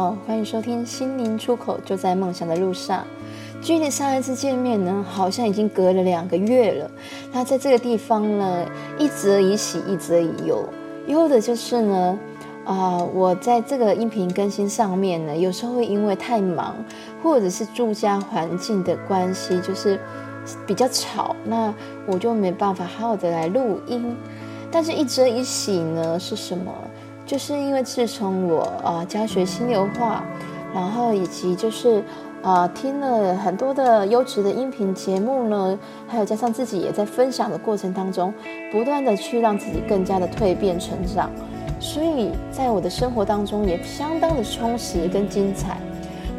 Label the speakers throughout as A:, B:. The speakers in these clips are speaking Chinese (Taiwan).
A: 好、哦，歡迎收聽《心靈出口》，就在夢想的路上。距離上一次見面呢，好像已經隔了兩個月了。那在這個地方呢，一則以喜，一則以憂。憂的就是呢，啊、呃，我在這個音頻更新上面呢，有時候會因為太忙，或者是住家環境的關係，就是比較吵，那我就沒辦法好好的來錄音。但是，一則以喜呢，是什麼？就是因為自從我啊、呃、教學心流化，然後以及就是啊、呃、聽了很多的優質的音頻節目呢，還有加上自己也在分享的過程當中，不斷的去讓自己更加的蛻變成長，所以在我的生活當中也相當的充實跟精彩。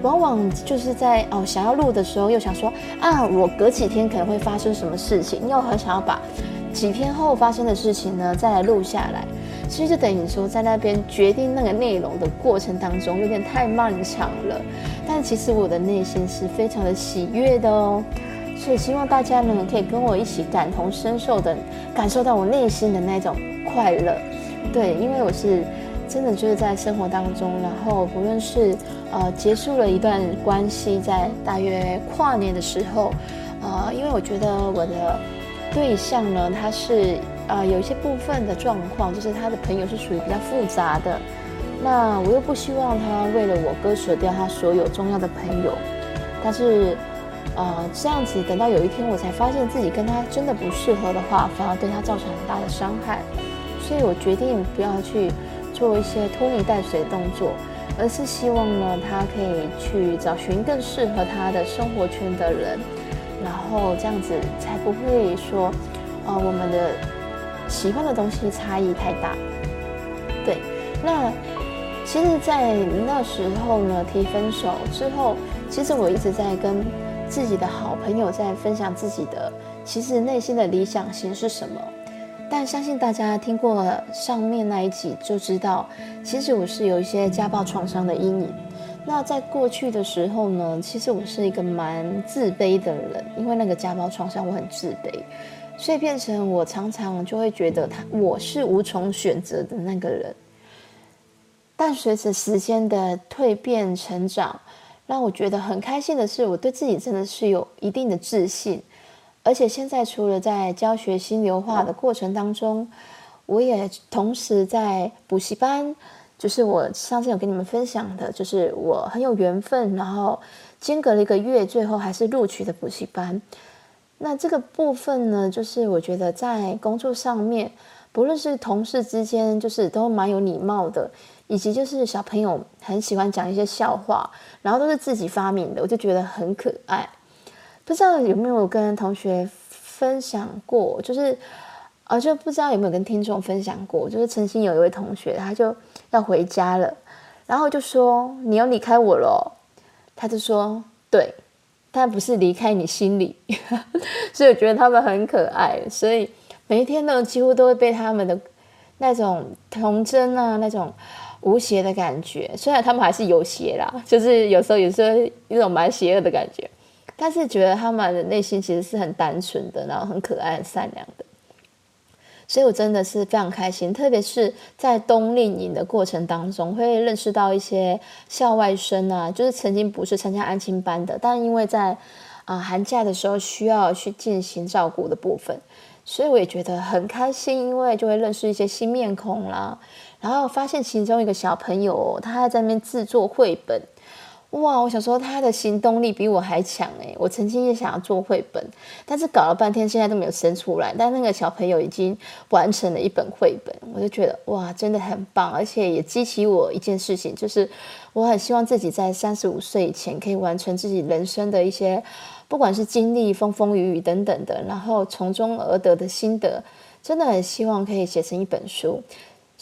A: 往往就是在哦想要錄的時候，又想說啊我隔幾天可能會發生什麼事情，又很想要把幾天後發生的事情呢再來錄下來。其實就等於說，在那邊決定那個內容的過程當中，有點太漫長了。但其實我的內心是非常的喜悅的哦。所以希望大家呢，可以跟我一起感同身受的感受到我內心的那種快樂。對，因為我是真的就是在生活當中，然後不論是呃結束了一段關係，在大約跨年的時候，呃，因為我覺得我的對象呢，他是。啊、呃，有一些部分的狀況，就是他的朋友是屬於比較複雜的，那我又不希望他為了我割捨掉他所有重要的朋友，但是，呃，這樣子等到有一天我才發現自己跟他真的不適合的話，反而對他造成很大的傷害，所以我決定不要去做一些拖泥帶水的動作，而是希望呢，他可以去找尋更適合他的生活圈的人，然後這樣子才不會說，啊、呃，我們的。喜歡的東西差異太大，對，那其實，在那時候呢，提分手之後，其實我一直在跟自己的好朋友在分享自己的，其實內心的理想型是什麼。但相信大家聽過上面那一集就知道，其實我是有一些家暴創傷的陰影。那在過去的時候呢，其實我是一個蠻自卑的人，因為那個家暴創傷，我很自卑。所以變成我常常就會覺得他，我是無從選擇的那個人。但隨着時間的蛻變成長，讓我覺得很開心的是，我對自己真的是有一定的自信。而且現在除了在教學心流化的過程當中，我也同時在補習班，就是我上次有跟你們分享的，就是我很有緣分，然後間隔了一個月，最後還是錄取的補習班。那這個部分呢，就是我覺得在工作上面，不論是同事之間，就是都蠻有禮貌的，以及就是小朋友很喜歡講一些笑話，然後都是自己發明的，我就覺得很可愛。不知道有沒有跟同學分享過，就是啊、呃，就不知道有沒有跟聽眾分享過，就是曾經有一位同學，他就要回家了，然後就說：你要離開我嘍，他就說對。但不是離開你心裡， 所以我覺得他們很可愛。所以每一天呢，幾乎都會被他們的那種童真啊，那種無邪的感覺。雖然他們還是有邪啦，就是有時候有時候一種蠻邪惡的感覺，但是覺得他們的內心其實是很單純的，然後很可愛、很善良。所以，我真的是非常開心，特別是在冬令營的過程當中，會認識到一些校外生啊，就是曾經不是參加安親班的，但因為在啊寒假的時候需要去進行照顧的部分，所以我也覺得很開心，因為就會認識一些新面孔啦。然後發現其中一個小朋友，他還在那邊制作繪本。哇，我想說他的行動力比我還強欸。我曾經也想要做繪本，但是搞了半天現在都沒有生出來。但那個小朋友已經完成了一本繪本，我就覺得哇，真的很棒，而且也激起我一件事情，就是我很希望自己在三十五歲以前可以完成自己人生的一些，不管是經歷風風雨雨等等的，然後從中而得的心得，真的很希望可以寫成一本書。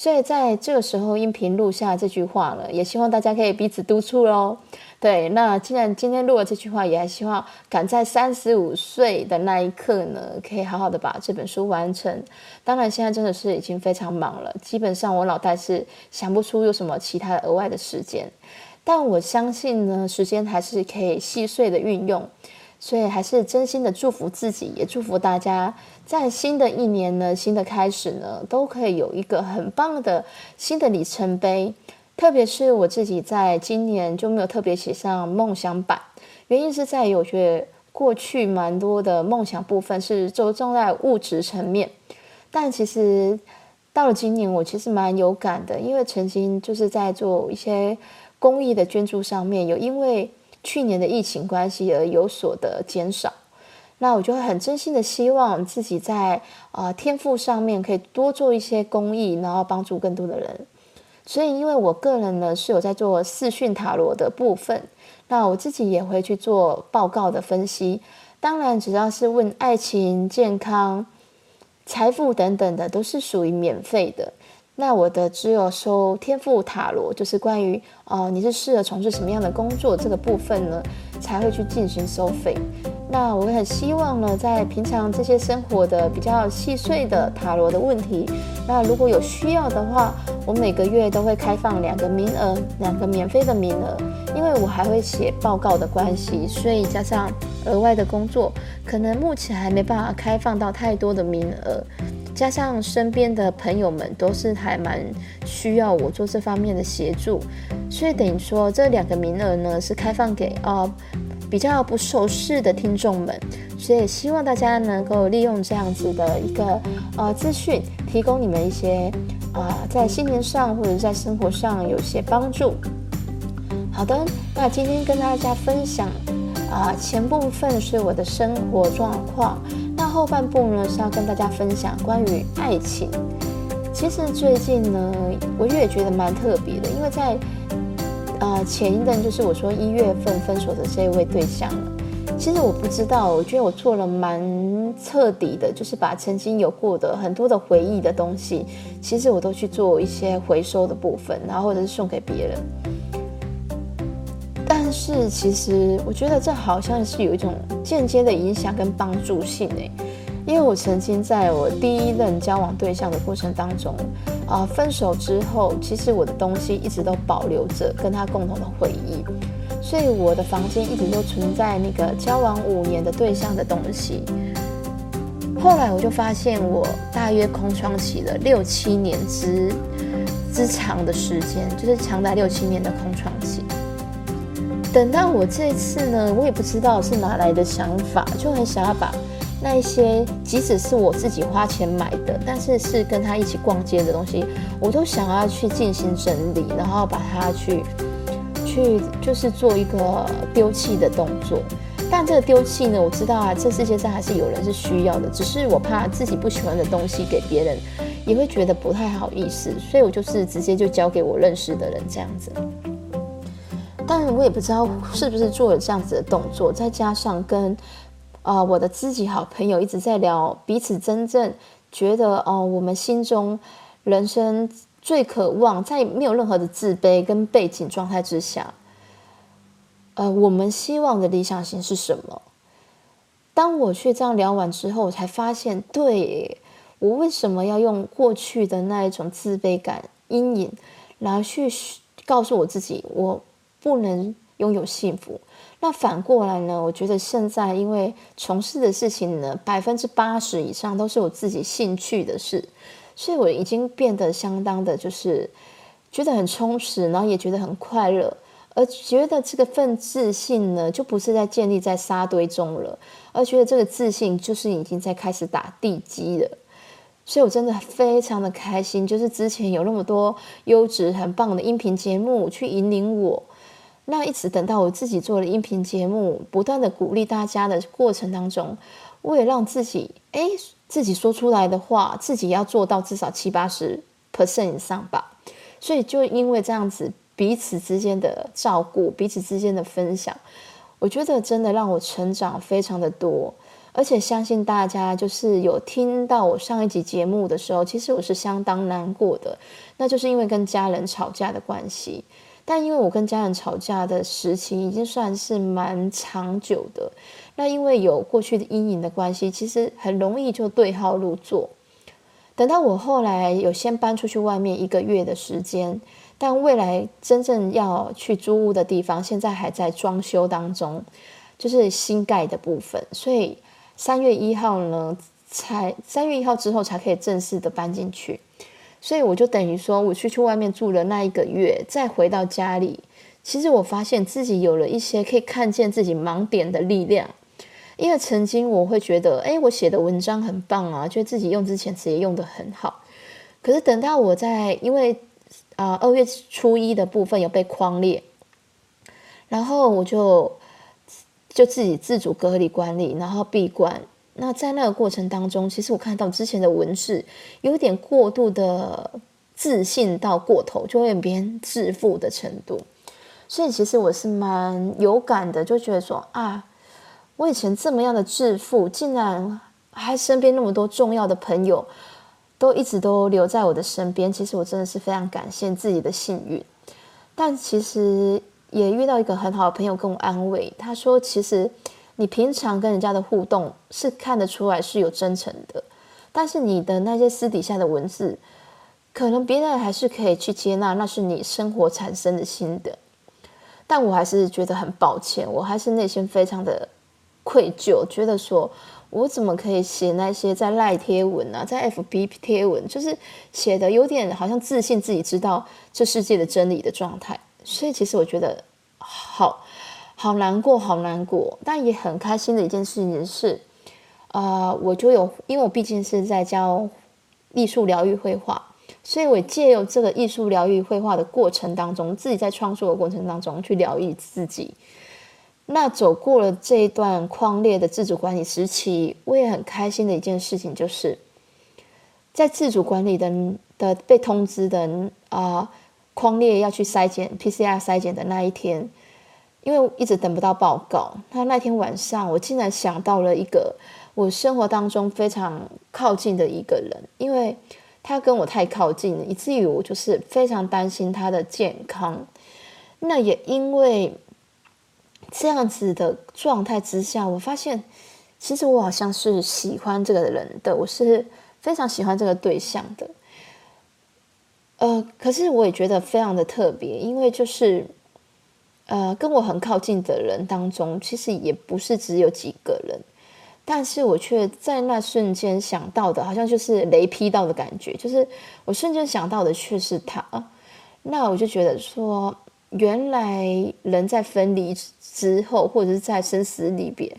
A: 所以在這個時候，音頻錄下這句話了，也希望大家可以彼此督促咯。對，那既然今天錄了這句話，也還希望趕在三十五歲的那一刻呢，可以好好的把這本書完成。當然，現在真的是已經非常忙了，基本上我腦袋是想不出有什麼其他額外的時間。但我相信呢，時間還是可以細碎的運用。所以還是真心的祝福自己，也祝福大家，在新的一年呢，新的開始呢，都可以有一個很棒的新的里程碑。特別是我自己，在今年就沒有特別寫上夢想版，原因是在於我覺得過去蠻多的夢想部分是着重在物質層面，但其實到了今年，我其實蠻有感的，因為曾經就是在做一些公益的捐助上面有因為。去年的疫情關係而有所的減少，那我就會很真心的希望自己在啊、呃、天賦上面可以多做一些公益，然後幫助更多的人。所以因為我個人呢是有在做視訊塔羅的部分，那我自己也會去做報告的分析。當然，只要是問愛情、健康、財富等等的，都是屬於免費的。那我的只有收天賦塔羅，就是關於，哦，你是適合從事什麼樣的工作這個部分呢，才會去進行收費。那我很希望呢，在平常這些生活的比較細碎的塔羅的問題，那如果有需要的話，我每個月都會開放兩個名額，兩個免費的名額。因為我還會寫報告的關係，所以加上額外的工作，可能目前還沒辦法開放到太多的名額。加上身邊的朋友們都是還蠻需要我做這方面的協助，所以等於說，這兩個名額呢，是開放給呃，比較不熟悉的聽眾們，所以希望大家能夠利用這樣子的一個呃資訊，提供你們一些啊、呃、在心靈上或者在生活上有些幫助。好的，那今天跟大家分享啊、呃、前部分是我的生活狀況。後半部呢是要跟大家分享關於愛情。其實最近呢，我越覺得蠻特別的，因為在呃前一陣就是我說一月份分手的這一位對象了，其實我不知道，我覺得我做了蠻徹底的，就是把曾經有過的很多的回憶的東西，其實我都去做一些回收的部分，然後或者是送給別人。但是，其實我覺得這好像是有一種間接的影響跟幫助性誒，因為我曾經在我第一任交往對象的過程當中，啊，分手之後，其實我的東西一直都保留着跟他共同的回憶，所以我的房間一直都存在那個交往五年的對象的東西。後來我就發現，我大約空窗期了六七年之之長的時間，就是長達六七年的空窗期。等到我這一次呢，我也不知道是哪來的想法，就很想要把那些即使是我自己花錢買的，但是是跟他一起逛街的東西，我都想要去進行整理，然後把它去去就是做一個丟棄的動作。但這個丟棄呢，我知道啊，這世界上還是有人是需要的，只是我怕自己不喜歡的東西給別人，也會覺得不太好意思，所以我就是直接就交給我認識的人這樣子。但我也不知道是不是做了這樣子的動作，再加上跟，啊、呃、我的知己好朋友一直在聊彼此，真正覺得哦、呃，我們心中人生最渴望，在沒有任何的自卑跟背景狀態之下，呃，我們希望的理想型是什麼？當我去這樣聊完之後，我才發現，對我為什麼要用過去的那一種自卑感陰影，來去告訴我自己我。不能擁有幸福，那反過來呢？我覺得現在因為從事的事情呢，百分之八十以上都是我自己興趣的事，所以我已經變得相當的，就是覺得很充實，然後也覺得很快樂，而覺得這個份自信呢，就不是在建立在沙堆中了，而覺得這個自信就是已經在開始打地基了。所以我真的非常的開心，就是之前有那麼多優質很棒的音頻節目去引領我。那一直等到我自己做了音頻節目，不斷的鼓勵大家的過程當中，為了讓自己哎自己說出來的話，自己要做到至少七八十 percent 以上吧。所以就因為這樣子彼此之間的照顧，彼此之間的分享，我覺得真的讓我成長非常的多。而且相信大家就是有聽到我上一集節目的時候，其實我是相當難過的，那就是因為跟家人吵架的關係。但因為我跟家人吵架的時期已經算是蠻長久的，那因為有過去的陰影的關係，其實很容易就對號入座。等到我後來有先搬出去外面一個月的時間，但未來真正要去租屋的地方，現在還在裝修當中，就是新蓋的部分，所以三月一號呢，才三月一號之後才可以正式的搬進去。所以我就等於說，我去去外面住了那一個月，再回到家裡，其實我發現自己有了一些可以看見自己盲點的力量。因為曾經我會覺得，哎、欸，我寫的文章很棒啊，覺得自己用之前自己用得很好。可是等到我在因為啊呃、二月初一的部分有被匡列，然後我就就自己自主隔離管理，然後閉關。那在那個過程當中，其實我看到之前的文字有點過度的自信到過頭，就會別人自負的程度。所以其實我是蠻有感的，就覺得說啊，我以前這麼樣的自負，竟然還身邊那麼多重要的朋友都一直都留在我的身邊。其實我真的是非常感謝自己的幸運。但其實也遇到一個很好的朋友跟我安慰，他說其實。你平常跟人家的互動是看得出來是有真誠的，但是你的那些私底下的文字，可能別人還是可以去接納，那是你生活產生的心得。但我還是覺得很抱歉，我還是內心非常的愧疚，覺得說我怎麼可以寫那些在賴貼文啊，在 FB 貼文，就是寫得有點好像自信自己知道這世界的真理的狀態。所以其實我覺得好。好難過，好難過，但也很開心的一件事情是，啊、呃、我就有，因為我畢竟是在教藝術療癒繪畫，所以我藉由這個藝術療癒繪畫的過程當中，自己在創作的過程當中去療癒自己。那走過了這一段匡列的自主管理時期，我也很開心的一件事情就是，在自主管理的的被通知的啊匡列要去篩檢 P C R 篩檢的那一天，因為我一直等不到報告，那那天晚上我竟然想到了一個我生活當中非常靠近的一個人，因為他跟我太靠近了，以至於我就是非常擔心他的健康。那也因為這樣子的狀態之下，我發現其實我好像是喜歡這個人的，我是非常喜歡這個對象的。呃，可是我也覺得非常的特別，因為就是。呃，跟我很靠近的人當中，其實也不是只有幾個人，但是我卻在那瞬間想到的，好像就是雷劈到的感覺，就是我瞬間想到的卻是他。那我就覺得說，原來人在分離之後，或者是在生死離別，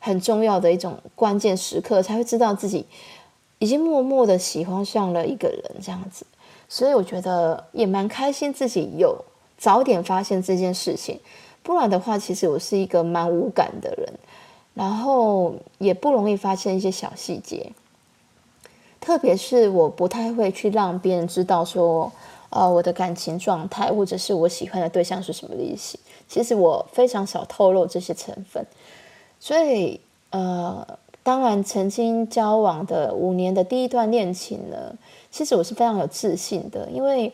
A: 很重要的一種關鍵時刻，才會知道自己已經默默的喜歡上了一個人這樣子。所以我覺得也蠻開心自己有。早點發現這件事情，不然的話，其實我是一個蠻無感的人，然後也不容易發現一些小細節。特別是我不太會去讓別人知道說，啊、呃，我的感情狀態，或者是我喜歡的對象是什麼類型。其實我非常少透露這些成分。所以，呃，當然，曾經交往的五年的第一段戀情呢，其實我是非常有自信的，因為。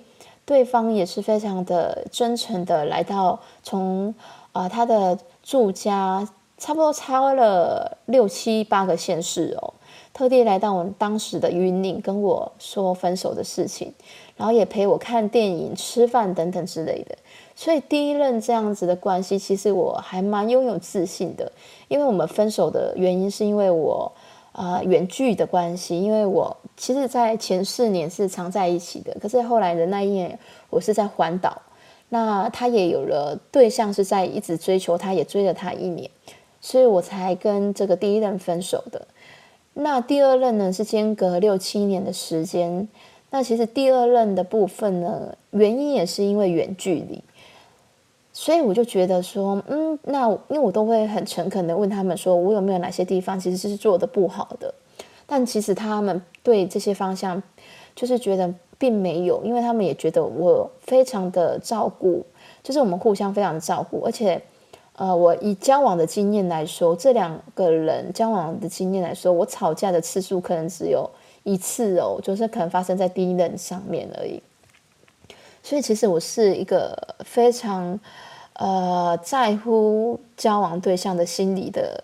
A: 對方也是非常的真誠的來到從，從、呃、啊他的住家差不多超了六七八個縣市哦，特地來到我當時的雲林，跟我說分手的事情，然後也陪我看電影、吃飯等等之類的。所以第一任這樣子的關係，其實我還蠻擁有自信的，因為我們分手的原因是因為我。啊、呃，遠距的關係，因為我其實，在前四年是常在一起的，可是後來的那一年，我是在環島，那他也有了對象，是在一直追求他，他也追了他一年，所以我才跟這個第一任分手的。那第二任呢，是間隔六七年的時間，那其實第二任的部分呢，原因也是因為遠距離。所以我就覺得說，嗯，那因為我都會很誠懇的問他們說，說我有沒有哪些地方其實是做得不好的，但其實他們對這些方向，就是覺得並沒有，因為他們也覺得我非常的照顧，就是我們互相非常的照顧，而且，呃，我以交往的經驗來說，這兩個人交往的經驗來說，我吵架的次數可能只有一次哦，就是可能發生在第一任上面而已。所以其實我是一個非常，呃，在乎交往對象的心理的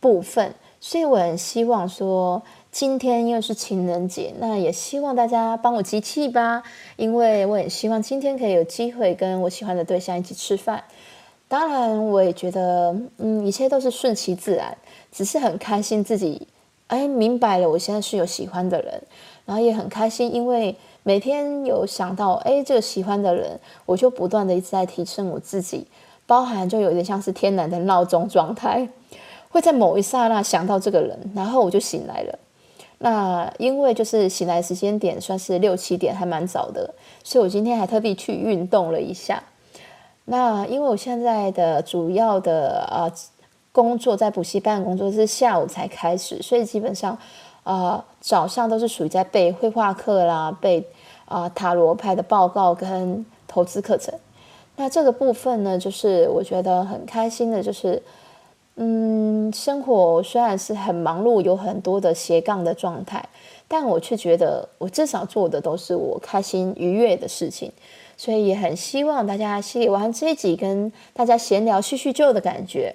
A: 部分，所以我很希望說，今天又是情人節，那也希望大家幫我集氣吧，因為我很希望今天可以有機會跟我喜歡的對象一起吃飯。當然，我也覺得，嗯，一切都是順其自然，只是很開心自己，哎，明白了，我現在是有喜歡的人，然後也很開心，因為。每天有想到，哎、欸，這個喜歡的人，我就不斷的一直在提升我自己，包含就有點像是天然的鬧鐘狀態，會在某一剎那想到這個人，然後我就醒來了。那因為就是醒來的時間點算是六七點，還蠻早的，所以我今天還特地去運動了一下。那因為我現在的主要的啊、呃，工作在補習班，工作是下午才開始，所以基本上。啊、呃，早上都是屬於在背繪畫課啦，背啊、呃、塔羅牌的報告跟投資課程。那這個部分呢，就是我覺得很開心的，就是嗯，生活雖然是很忙碌，有很多的斜槓的狀態，但我卻覺得我至少做的都是我開心愉悅的事情。所以也很希望大家聽完這一集，跟大家閒聊敘敘舊的感覺。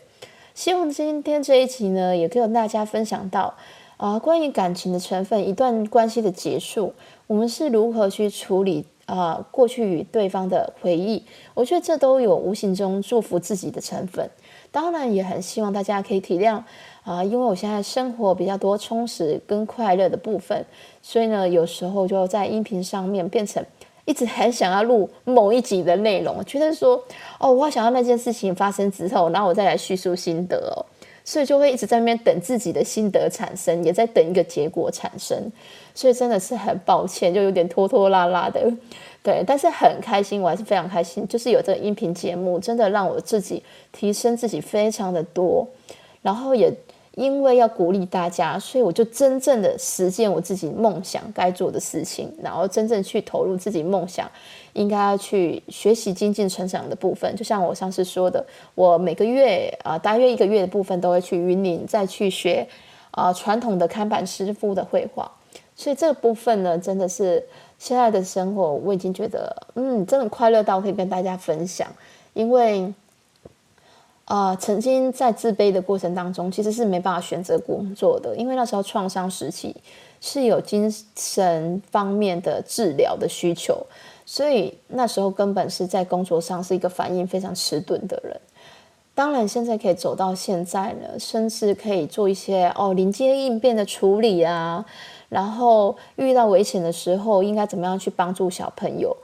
A: 希望今天這一集呢，也跟大家分享到。啊，關於感情的成分，一段關係的結束，我們是如何去處理啊、呃，過去與對方的回憶，我覺得這都有無形中祝福自己的成分。當然，也很希望大家可以體諒啊、呃，因為我現在生活比較多充實跟快樂的部分，所以呢，有時候就在音頻上面變成一直很想要錄某一集的內容，覺得說哦，我想要那件事情發生之後，然後我再來敘述心得哦。所以就會一直在那邊等自己的心得產生，也在等一個結果產生。所以真的是很抱歉，就有點拖拖拉拉的，對。但是很開心，我還是非常開心，就是有這個音頻節目，真的讓我自己提升自己非常的多，然後也。因為要鼓勵大家，所以我就真正的實踐我自己夢想該做的事情，然後真正去投入自己夢想應該要去學習精進成長的部分。就像我上次說的，我每個月啊、呃，大約一個月的部分都會去雲林再去學啊、呃，傳統的看板師傅的繪畫。所以這個部分呢，真的是現在的生活，我已經覺得嗯，真的快樂到可以跟大家分享，因為。啊、呃，曾經在自卑的過程當中，其實是沒辦法選擇工作的，因為那時候創傷時期是有精神方面的治療的需求，所以那時候根本是在工作上是一個反應非常遲鈍的人。當然，現在可以走到現在了，甚至可以做一些哦臨機應變的處理啊，然後遇到危險的時候，應該怎麼樣去幫助小朋友？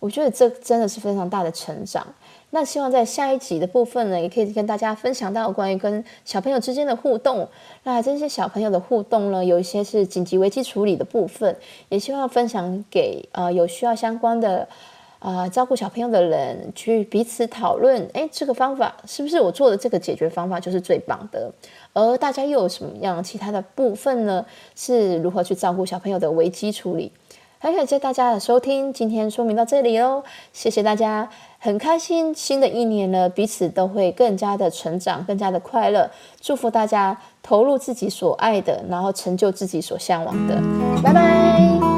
A: 我覺得這真的是非常大的成長。那希望在下一集的部分呢，也可以跟大家分享到關於跟小朋友之間的互動。那這些小朋友的互動呢，有一些是緊急危機處理的部分，也希望分享給呃有需要相關的呃照顧小朋友的人去彼此討論。誒，這個方法是不是我做的這個解決方法就是最棒的？而大家又有什麼樣其他的部分呢？是如何去照顧小朋友的危機處理？很感謝大家的收聽，今天說明到這裡哦，謝謝大家，很開心，新的一年呢，彼此都會更加的成長，更加的快樂，祝福大家投入自己所愛的，然後成就自己所向往的，拜拜。